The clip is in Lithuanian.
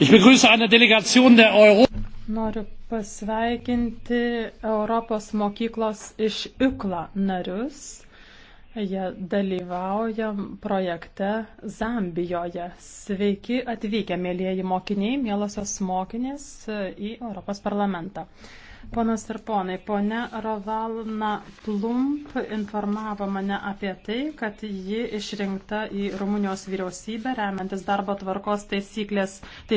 Ich begrüße eine Delegation der Euro Noriu pasveikinti Europos mokyklos iš IKLA narius. Jie dalyvauja projekte Zambijoje. Sveiki atvykę, mėlyjeji mokiniai, mėlosios mokinės į Europos parlamentą. Ponas ir ponai, ponia Rovalna Plump informavo mane apie tai, kad ji išrinkta į Rumunijos vyriausybę, remiantis darbo tvarkos taisyklės. Taisyklės